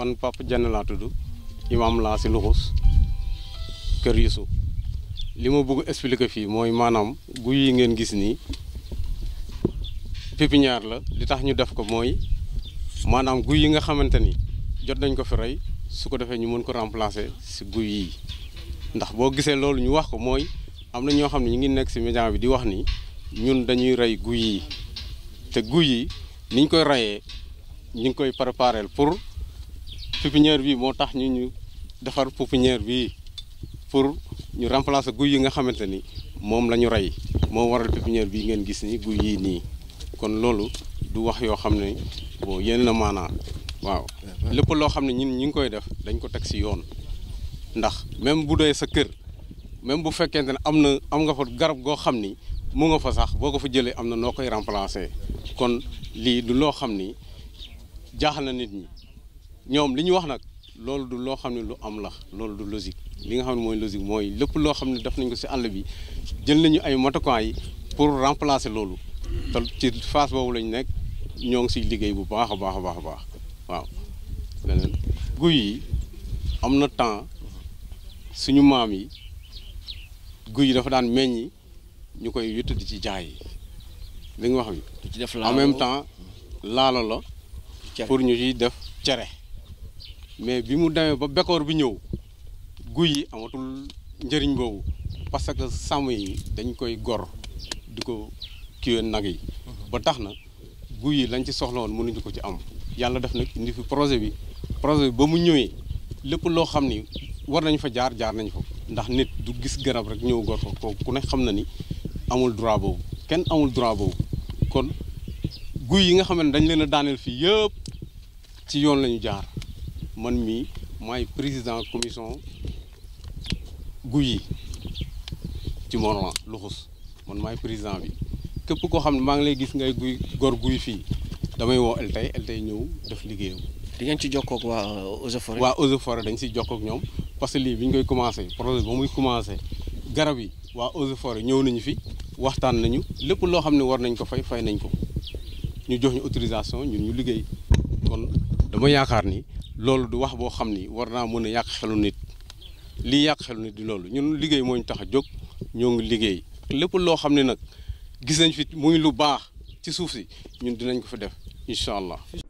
man Papa Diène laa tudd imaam laa si luxus kër Yusu li ma bëgg expliquer fii mooy maanaam guy yi ngeen gis nii pépinière la li tax ñu def ko mooy maanaam guy yi nga xamante ni jot nañ ko fi rey su ko defee ñu mën ko remplacer si guy yi ndax boo gisee loolu ñu wax ko mooy am na ñoo xam ne ñu ngi nekk si média bi di wax ni ñun dañuy rey guy yi te guy yi niñ koy reyee ñu ngi koy préparer pour pépinière bii moo tax ñu ñu defar pépinière bi pour ñu remplacer guy yi nga xamante ni moom la ñu rey moo waral pépinière bii ngeen gis ni guy yii nii kon loolu du wax yoo xam ne bon yéen na maanaa waaw lépp loo xam ne ñun ñu ngi koy def dañ ko teg si yoon ndax même bu dee sa kër même bu fekkente ne am na am nga fa garab goo xam ni mu nga fa sax boo ko fa jëlee am na noo koy remplacer kon lii du loo xam ni jaaxal na nit ñi ñoom li ñu wax nag loolu du loo xam ne lu am la loolu du logique li nga xam ne mooy logique mooy lépp loo xam ne def nañ ko si àll bi jël nañu ay matukaay yi pour remplacer loolu te ci phase boobu lañu nekk ñoo ngi siy liggéey bu baax a baax a baax baax waaw. leneen guy yi am na temps suñu maam yi guy yi dafa daan meññ ñu koy witt di ci jaay li nga wax bi. ci même temps laalo la. pour ñu ciy def cere. mais bi mu demee ba bekkoor bi ñëw guy yi amatul njëriñ boobu parce que sàmm yi dañ koy gor di ko yoon nag yi mhm. ba tax na guy yi lañ ci soxla woon mënuñu ko ci am yàlla def nag indi fi projet bi projet ba mu ñëwee lépp loo xam ni war nañ fa jaar jaar nañ fa ndax nit du gis garab rek ñëw gor ko ku ne xam na ni amul droit boobu kenn amul droit boobu kon guy yi nga xam ne dañ leen a daaneel fii yëpp ci yoon lañu jaar man mii maay président commission guy yi ci Mont-Rolland Luxus man maay président bi képp koo xam ne maa ngi lay gis ngay guy gor guy fii damay woo LTAI LTAI ñëw def liggéeyam. di ngeen ci jokkoog waa euh, Eaux et Forêts. waa Eaux dañ siy jokkoog ñoom parce que lii bi ñu koy commencé projet ba muy commencé garab yi waa Eaux et Forêts ñëw nañu fi waxtaan nañu lépp loo xam ne war nañ ko fay fay nañ ko ñu jox ñu autorisation ñun ñu liggéey kon dama yaakaar ni. loolu du wax boo xam ni war naa mën a yàq xelu nit lii yàq xelu nit di loolu ñun liggéey moo ñu tax a jóg ñoo ngi liggéey lépp loo xam ne nag gis nañ fi muy lu baax ci suuf si ñun dinañ ko fi def incha allah